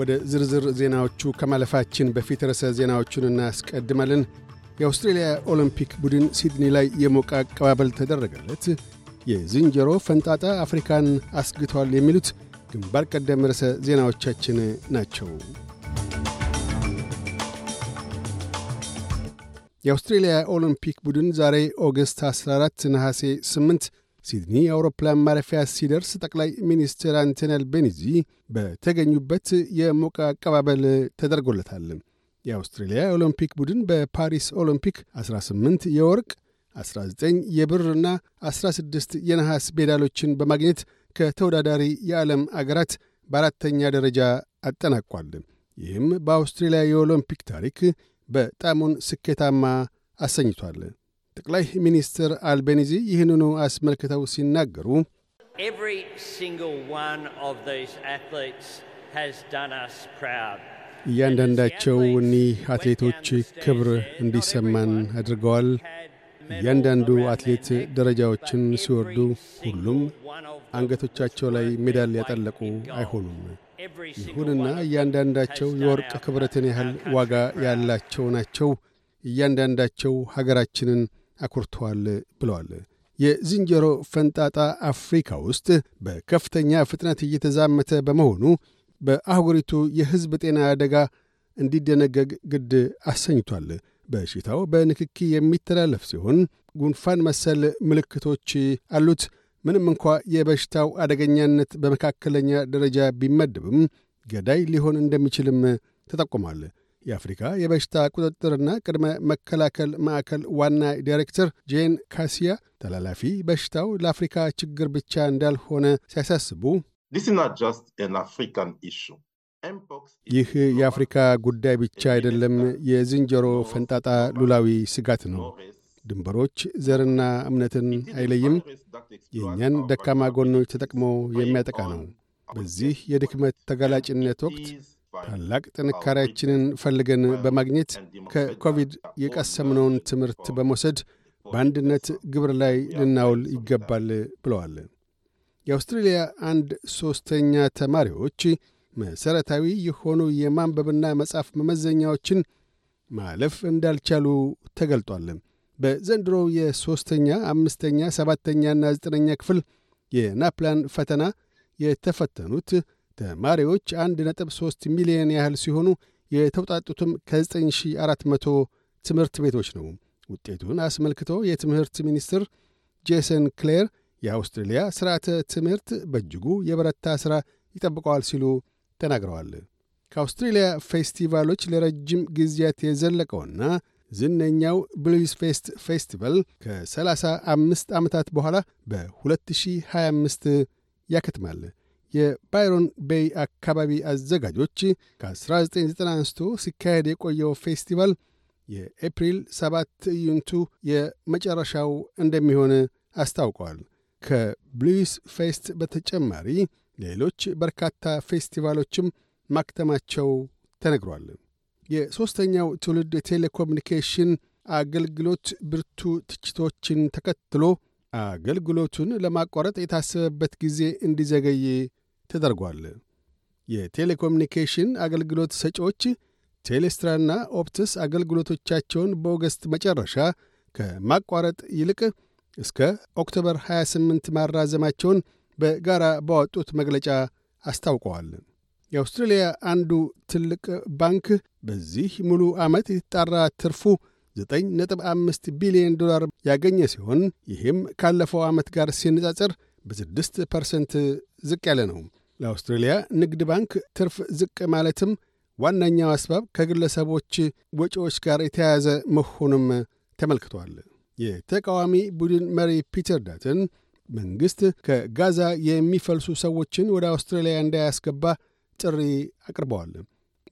ወደ ዝርዝር ዜናዎቹ ከማለፋችን በፊት ርዕሰ ዜናዎቹን እናስቀድማለን። የአውስትሬልያ ኦሎምፒክ ቡድን ሲድኒ ላይ የሞቀ አቀባበል ተደረገለት። የዝንጀሮ ፈንጣጣ አፍሪካን አስግቷል። የሚሉት ግንባር ቀደም ርዕሰ ዜናዎቻችን ናቸው። የአውስትሬልያ ኦሎምፒክ ቡድን ዛሬ ኦገስት 14 ነሐሴ 8 ሲድኒ የአውሮፕላን ማረፊያ ሲደርስ ጠቅላይ ሚኒስትር አንቶኒ አልቤኒዚ በተገኙበት የሞቀ አቀባበል ተደርጎለታል። የአውስትሬልያ ኦሎምፒክ ቡድን በፓሪስ ኦሎምፒክ 18 የወርቅ 19 የብርና 16 የነሐስ ሜዳሎችን በማግኘት ከተወዳዳሪ የዓለም አገራት በአራተኛ ደረጃ አጠናቋል። ይህም በአውስትሬልያ የኦሎምፒክ ታሪክ በጣሙን ስኬታማ አሰኝቷል። ጠቅላይ ሚኒስትር አልቤኒዚ ይህንኑ አስመልክተው ሲናገሩ እያንዳንዳቸው እኒህ አትሌቶች ክብር እንዲሰማን አድርገዋል። እያንዳንዱ አትሌት ደረጃዎችን ሲወርዱ ሁሉም አንገቶቻቸው ላይ ሜዳል ያጠለቁ አይሆኑም። ይሁንና እያንዳንዳቸው የወርቅ ክብረትን ያህል ዋጋ ያላቸው ናቸው። እያንዳንዳቸው ሀገራችንን አኩርተዋል ብለዋል። የዝንጀሮ ፈንጣጣ አፍሪካ ውስጥ በከፍተኛ ፍጥነት እየተዛመተ በመሆኑ በአህጉሪቱ የሕዝብ ጤና አደጋ እንዲደነገግ ግድ አሰኝቷል። በሽታው በንክኪ የሚተላለፍ ሲሆን ጉንፋን መሰል ምልክቶች አሉት። ምንም እንኳ የበሽታው አደገኛነት በመካከለኛ ደረጃ ቢመደብም ገዳይ ሊሆን እንደሚችልም ተጠቁሟል። የአፍሪካ የበሽታ ቁጥጥርና ቅድመ መከላከል ማዕከል ዋና ዳይሬክተር ጄን ካሲያ ተላላፊ በሽታው ለአፍሪካ ችግር ብቻ እንዳልሆነ ሲያሳስቡ ይህ የአፍሪካ ጉዳይ ብቻ አይደለም፣ የዝንጀሮ ፈንጣጣ ሉላዊ ስጋት ነው። ድንበሮች ዘርና እምነትን አይለይም። የእኛን ደካማ ጎኖች ተጠቅሞ የሚያጠቃ ነው። በዚህ የድክመት ተጋላጭነት ወቅት ታላቅ ጥንካሬያችንን ፈልገን በማግኘት ከኮቪድ የቀሰምነውን ትምህርት በመውሰድ በአንድነት ግብር ላይ ልናውል ይገባል ብለዋል። የአውስትሬልያ አንድ ሦስተኛ ተማሪዎች መሠረታዊ የሆኑ የማንበብና መጻፍ መመዘኛዎችን ማለፍ እንዳልቻሉ ተገልጧል። በዘንድሮ የሦስተኛ፣ አምስተኛ፣ ሰባተኛና ዘጠነኛ ክፍል የናፕላን ፈተና የተፈተኑት ተማሪዎች 1.3 ሚሊዮን ያህል ሲሆኑ የተውጣጡትም ከ9400 ትምህርት ቤቶች ነው። ውጤቱን አስመልክቶ የትምህርት ሚኒስትር ጄሰን ክሌር የአውስትሬልያ ሥርዓተ ትምህርት በእጅጉ የበረታ ሥራ ይጠብቀዋል ሲሉ ተናግረዋል። ከአውስትሬልያ ፌስቲቫሎች ለረጅም ጊዜያት የዘለቀውና ዝነኛው ብሉይስ ፌስት ፌስቲቫል ከ35 ዓመታት በኋላ በ2025 ያከትማል። የባይሮን ቤይ አካባቢ አዘጋጆች ከ1990 አንስቶ ሲካሄድ የቆየው ፌስቲቫል የኤፕሪል 7 ትዕይንቱ የመጨረሻው እንደሚሆን አስታውቀዋል። ከብሉዊስ ፌስት በተጨማሪ ሌሎች በርካታ ፌስቲቫሎችም ማክተማቸው ተነግሯል። የሦስተኛው ትውልድ የቴሌኮሙኒኬሽን አገልግሎት ብርቱ ትችቶችን ተከትሎ አገልግሎቱን ለማቋረጥ የታሰበበት ጊዜ እንዲዘገይ ተደርጓል። የቴሌኮሚኒኬሽን አገልግሎት ሰጪዎች ቴሌስትራና ኦፕትስ አገልግሎቶቻቸውን በኦገስት መጨረሻ ከማቋረጥ ይልቅ እስከ ኦክቶበር 28 ማራዘማቸውን በጋራ ባወጡት መግለጫ አስታውቀዋል። የአውስትሬልያ አንዱ ትልቅ ባንክ በዚህ ሙሉ ዓመት የተጣራ ትርፉ 9.5 ቢሊዮን ዶላር ያገኘ ሲሆን ይህም ካለፈው ዓመት ጋር ሲነጻጽር በ6 ፐርሰንት ዝቅ ያለ ነው። ለአውስትሬልያ ንግድ ባንክ ትርፍ ዝቅ ማለትም ዋነኛው አስባብ ከግለሰቦች ወጪዎች ጋር የተያያዘ መሆኑም ተመልክቷል። የተቃዋሚ ቡድን መሪ ፒተር ዳትን መንግሥት ከጋዛ የሚፈልሱ ሰዎችን ወደ አውስትራሊያ እንዳያስገባ ጥሪ አቅርበዋል።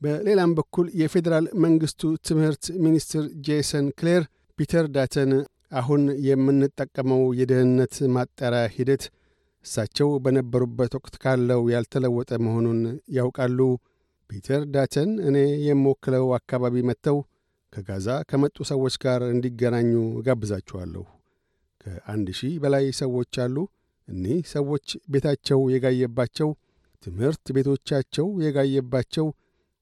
በሌላም በኩል የፌዴራል መንግሥቱ ትምህርት ሚኒስትር ጄሰን ክሌር ፒተር ዳተን አሁን የምንጠቀመው የደህንነት ማጣሪያ ሂደት እሳቸው በነበሩበት ወቅት ካለው ያልተለወጠ መሆኑን ያውቃሉ። ፒተር ዳተን እኔ የምወክለው አካባቢ መጥተው ከጋዛ ከመጡ ሰዎች ጋር እንዲገናኙ እጋብዛችኋለሁ። ከአንድ ሺህ በላይ ሰዎች አሉ። እኒህ ሰዎች ቤታቸው የጋየባቸው፣ ትምህርት ቤቶቻቸው የጋየባቸው፣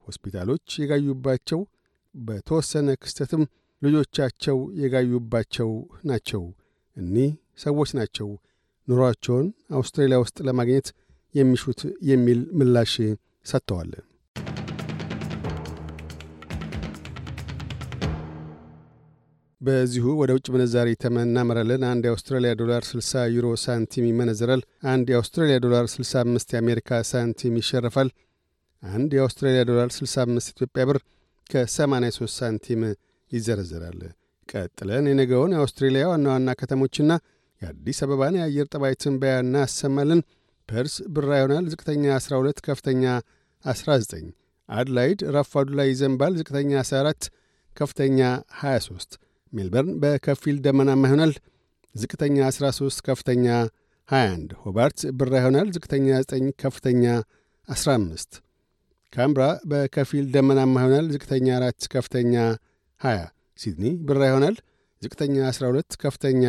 ሆስፒታሎች የጋዩባቸው፣ በተወሰነ ክስተትም ልጆቻቸው የጋዩባቸው ናቸው። እኒህ ሰዎች ናቸው ኑሯቸውን አውስትራሊያ ውስጥ ለማግኘት የሚሹት የሚል ምላሽ ሰጥተዋል። በዚሁ ወደ ውጭ ምንዛሪ ተመናመራለን። አንድ የአውስትራሊያ ዶላር 60 ዩሮ ሳንቲም ይመነዘራል። አንድ የአውስትራሊያ ዶላር 65 የአሜሪካ ሳንቲም ይሸርፋል። አንድ የአውስትራሊያ ዶላር 65 ኢትዮጵያ ብር ከ83 ሳንቲም ይዘረዘራል። ቀጥለን የነገውን የአውስትሬሊያ ዋና ዋና ከተሞችና የአዲስ አበባን የአየር ጠባይ ትንበያ እናሰማለን። ፐርስ ብራ ይሆናል። ዝቅተኛ 12፣ ከፍተኛ 19። አድላይድ ረፋዱ ላይ ይዘንባል። ዝቅተኛ 14፣ ከፍተኛ 23። ሜልበርን በከፊል ደመናማ ይሆናል። ዝቅተኛ 13፣ ከፍተኛ 21። ሆባርት ብራ ይሆናል። ዝቅተኛ 9፣ ከፍተኛ 15። ካምብራ በከፊል ደመናማ ይሆናል። ዝቅተኛ 4፣ ከፍተኛ 20። ሲድኒ ብራ ይሆናል። ዝቅተኛ 12፣ ከፍተኛ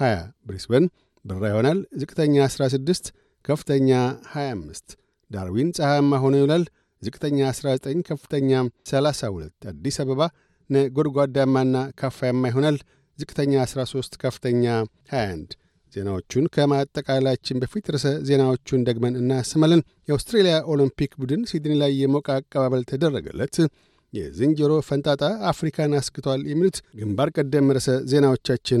20። ብሪስበን ብራ ይሆናል። ዝቅተኛ 16፣ ከፍተኛ 25። ዳርዊን ፀሐያማ ሆኖ ይውላል። ዝቅተኛ 19፣ ከፍተኛ 32። አዲስ አበባ ነጎድጓዳማና ካፋያማ ይሆናል። ዝቅተኛ 13፣ ከፍተኛ 21። ዜናዎቹን ከማጠቃላችን በፊት ርዕሰ ዜናዎቹን ደግመን እናሰማለን። የአውስትሬልያ ኦሎምፒክ ቡድን ሲድኒ ላይ የሞቀ አቀባበል ተደረገለት። የዝንጀሮ ፈንጣጣ አፍሪካን አስክቷል። የሚሉት ግንባር ቀደም ርዕሰ ዜናዎቻችን